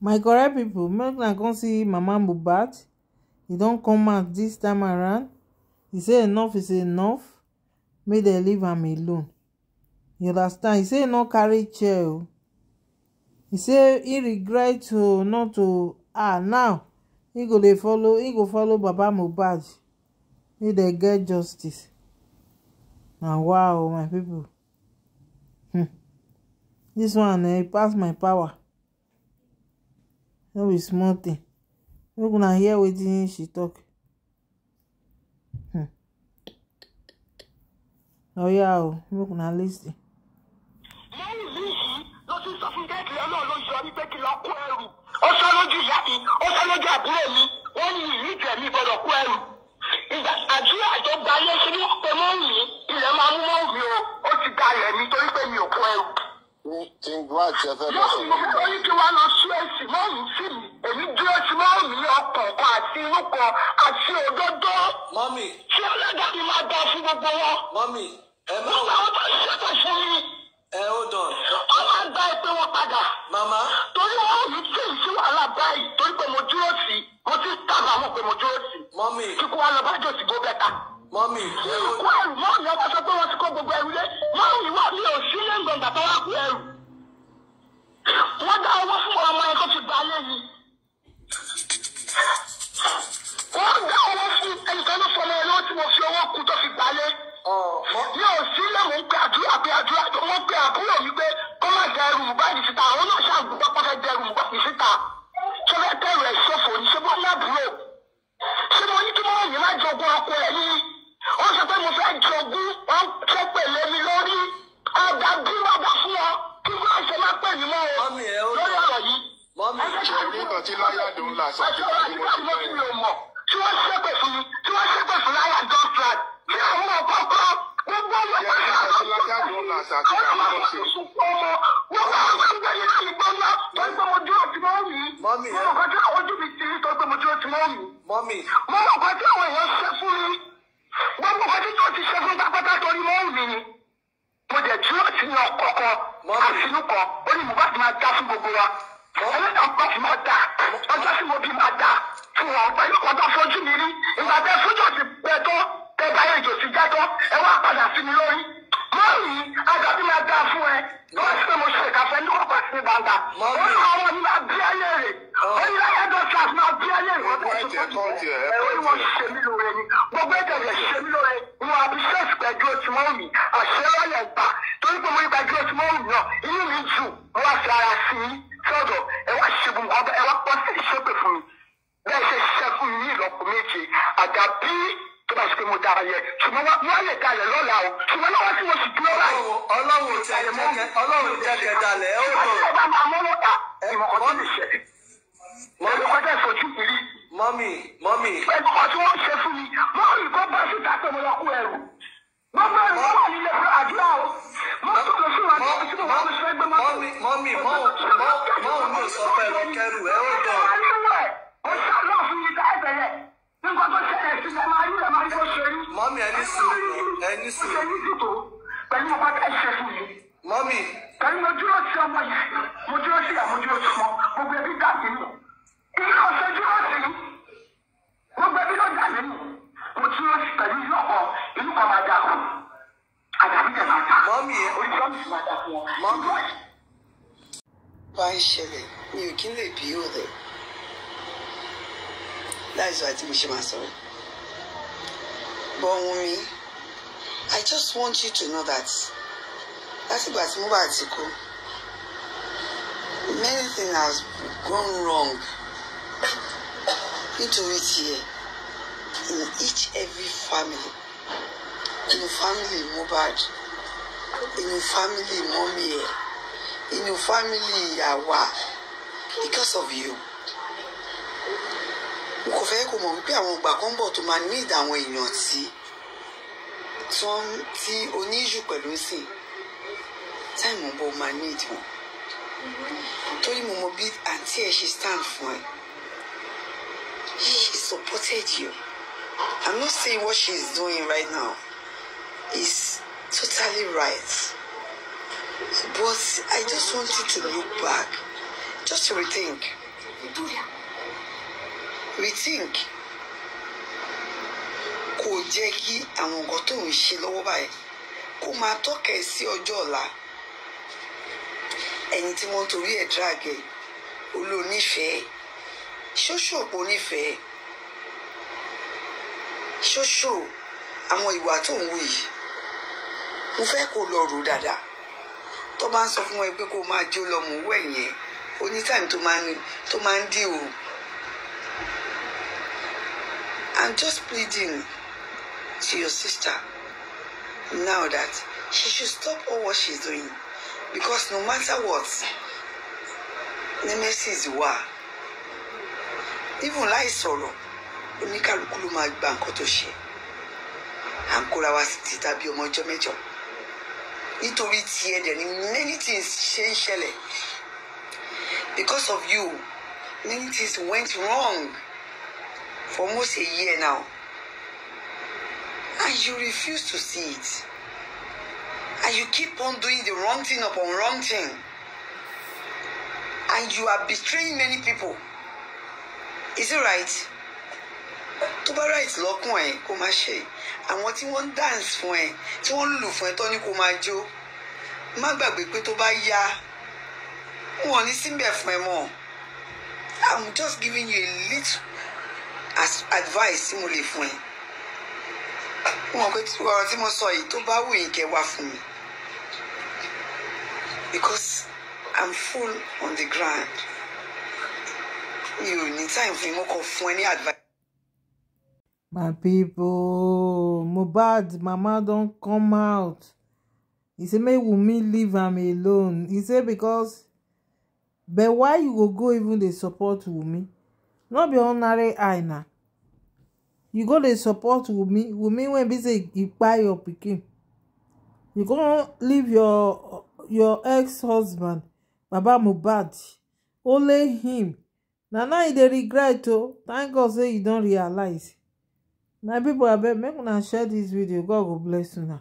my correct people, make una come see mama mohbad he don come out this time around He say enough is enough make dem leave am alone you understand He say e no carry chair o e say he regret to not to ah now He go dey follow He go follow baba mohbad make dem get justice na wow my people. hmm. dis one eh pass my power no be small thing make una hear wetin she talk hmm. oya o make una lis ten. ó sọ lójú ìyá mi ó sọ lójú àbúrò mi wọ́n ní ìlú ìjẹ̀mí gbọ́dọ̀ kó ẹrù ìgbà àdúrà tó gba ilé ṣe ní ilẹ̀ máa mú mọ́ọ̀mì o ó ti dalẹ̀ mi pé mi ò kó ẹrù ní tí ń gbọ́ àti ẹfẹ́ bá sọ̀rọ̀. lọ́rùn mo ní kí wọ́n lọ sí èsì márùn-ún sí mi èmi dúró sí márùn-ún ní ọkọ̀ọ̀kan àti irúkọ̀ àti òdodo. mọ́mì. tí ọlọ́dọ̀ mi máa dá fún gbogbo wọn. mọ́mì ẹ má wọ. wọ́n máa ń ṣètò fún mi. ẹ ó dàn. wọ́n máa gba ẹgbẹ́ wọn padà. màmá. torí wọn ò ní tí ì sí wàhálà báyìí torí pé mo dúró sí mo ti tábà wọn pé mo dúró sí. mọ́mì. kíkú wa lọ bá jòsì gó bẹ́ta mọ́mì. wọ́ọ̀rù mọ́mì ọba sọ pé wọ́n ti kó gbogbo ẹrù lé mọ́mì wà mí ò sí lé gbọ̀ngàn tó wá kú ẹrù. wọ́n dá owó fún ọmọ yẹn tó ti gba ayé yìí. wọ́n dá owó fún ẹnìkan ló fọmọ yẹn lọ́wọ́ tí mo fi owó kú tó fi gba ayé. mi ò lé mò ń pe àdúrà pe àdúrà tó wọ́n pe àbúrò mi pé kó má jẹ ẹrù báyìí síta àwọn náà ṣàgbọ́n pápá fẹ́ jẹ ẹrù báyìí síta. sọ náà tí láyà dùn là ṣàkíyèsí wọn ti bẹ́ẹ̀. tí wọ́n ṣépè fún tí wọ́n ṣépè fún láyà dọ́tran bí àwọn ọ̀pọ̀pọ̀ gbogbo ọmọ ìyá ọ̀sán láyà dùn là ṣàkíyèsí wọn ti bẹ́ẹ̀. wọ́n wá wọ́n gbé yín láti gbọ́ ná wọ́n gbọ́ mojú ọtí mọ́ wù mí. mọ́mí ẹ mọ̀ kọjá ojú mi ti rí tó gbé mojú ọtí mọ́ wù. mọ́mí. mọ́ mọ̀ kọjá àwọn èèyàn ṣe fún mi. wọ́n mọ̀ kọjá tó ti ṣe fún pápátá torí mọ́ wù mí ni mo dẹ̀ dúró sínú ọkọ̀ kan àtinúkọ̀ ó ní mo bá ti máa dá fún gbogbo wa ọlọ́dà ń gbọ́ sí máa dà ọjọ́ tí mo bí máa dà fún wọn pẹ̀lú ọjọ́ fojú mi rí ìgbà tẹ fújọ ti pẹ tó tẹ báyé ìjò sí jẹ́jọ́ ẹ wá padà sí mi lórí mọ́ọ̀lì àjọbí máa dà fún ẹ lọ́wọ́ sí pé mo ṣe ìkàfẹ́ ní kọ̀ọ̀kan sí gbangba ó ní àwọn ọmọ mi máa bí ayé rè oh. ó ní ẹgbẹ́ sars máa bí ayé rè wọ́n bẹ̀rẹ̀ tó tó di ẹ ó ní wọ́n ṣe mí lóore ni gbogbo ẹ̀jẹ̀ rẹ̀ ṣe mí lóore wọn àbí ṣẹ́ẹ̀sì pẹ̀lú oṣù mọ́ọ̀mì àṣẹ lọ́yẹ̀ gbà torí pé mo ní pẹ̀lú oṣù mọ́ọ̀mì náà inú mi jù wọ́n á fi ara sí i. dà yẹ ṣùgbọ́n wọ́n lè dalẹ̀ lọ́la o ṣùgbọ́n lọ́wọ́ tí mo sì dúró láì. ọlọ́run tẹ ọlọ́run tẹ kẹ dalẹ̀ ó tó. àti máa mọ́wọ́ ta ìmọ̀ ọdún lè ṣẹlẹ̀. mọ́mí kọjá ìfojú ìrí. mọ́mí mọ́mí. ẹ̀kọ́ tí wọ́n ṣe fún mi mọ́mí kọ́ bá síta pé mo lọ kú ẹrù. mọ́mí ẹ̀rù wà nílẹ̀ fún àdúrà o. mọ́tò lọ sí wàá mọ́mí ẹni sùúrù ẹni sùúrù. pẹ̀lú ọba ẹsẹ̀ fún mi. mọ́mí. pẹ̀lú ojú ọ̀sẹ̀ ọmọ yìí mo dúró sí àmójú oṣù mọ́ gbogbo ẹbí dà sí mi. ilé ọ̀sẹ̀ dúró sí mi gbogbo ẹbí ló dà sí mi. mo dúró sí pẹ̀lú ìlú ọ̀pọ̀ ìlú kan máa dàkú. àdàbí ẹ̀ máa dàkú. mọ́mí ẹ oríṣi ọ̀sẹ̀ máa dàkú wọn. mọ́mí. bá ń ṣẹlẹ̀ mi ò kí ń lè bí ó rẹ̀ láìsọ àti mo ṣe but Wunmi I just want you to know that látìgbà tí Mohbad ti kú many things has gone wrong nítorí tiẹ̀ in each every family inú family Mohbad inú family mọ́mí ẹ̀ inú family ìyàwó because of you mo kò fẹ́ kó mọ̀ wípé àwọn ìgbà kan bọ̀ tó máa níìdá àwọn èèyàn tí tí oníṣù pẹ̀lú sìn táìmù bọ̀ máa níìdí wọn torí mo mọ bí àǹtí ẹ̀ ṣe stand fún ẹ she supported you i'm not saying what she is doing right now is totally right but i just want you to look back just to rethink rethink kó jẹ́ kí àwọn nǹkan tó ń ṣe lọ́wọ́ báyìí kó máa tọ́ka ẹ sí ọjọ́ ọ̀la ẹni tí wọ́n torí ẹ̀ dráàgẹ̀ olónífẹ̀ẹ́ ṣóṣò òpó nífẹ̀ẹ́ ṣóṣò àwọn ìwà tó ń wò yìí mo fẹ́ kó lọ rò dáadáa tó bá ń sọ fún ẹ pé kó máa jó lọ mọ̀ wẹ̀ yẹn onítàmì tó máa ń dí òun. I'm just pleading to your sister now that she should stop all what she's doing because no matter what, nemesis wà even láì sorrow, oníkàlùkù ló máa gba nǹkan tó ṣe à ń kóra wa sí títa bí ọmọ ọjọ́ mẹ́jọ nítorí tiẹ̀ dẹ̀ ni many things ṣe ń ṣẹlẹ̀ because of you many things went wrong for almost a year now and you refuse to see it and you keep on doing the wrong thing upon wrong thing and you are betraying many people is it right tó bá right lọ́kùn ẹ̀ kó má ṣe àwọn tí wọ́n ń dance fún ẹ tí wọ́n ń lù fún ẹ tó ní kó máa jó má gbàgbé pé tó bá yá wọn ò ní síbẹ̀ fún ẹ mọ́ I'm just giving you a little advice tí mo lè fún ẹ mo mọ̀ pé ọ̀rọ̀ tí mo sọ yìí tó bá wù yín kẹ́ wá fún mi because i'm full on the ground mi ò ní time fún yín mo kàn fún ẹ ní advice. my people mohbad mama don come out He say make wunmi leave am alone He say because but why you go go even dey support wunmi no be ordinary eye na you go dey support wunmi wunmi wey be say e kpai your pikin you go leave your your ex husband baba mohbad only him na now you dey regret o oh. thank god say you don realize my pipo abeg make una share this video god go bless una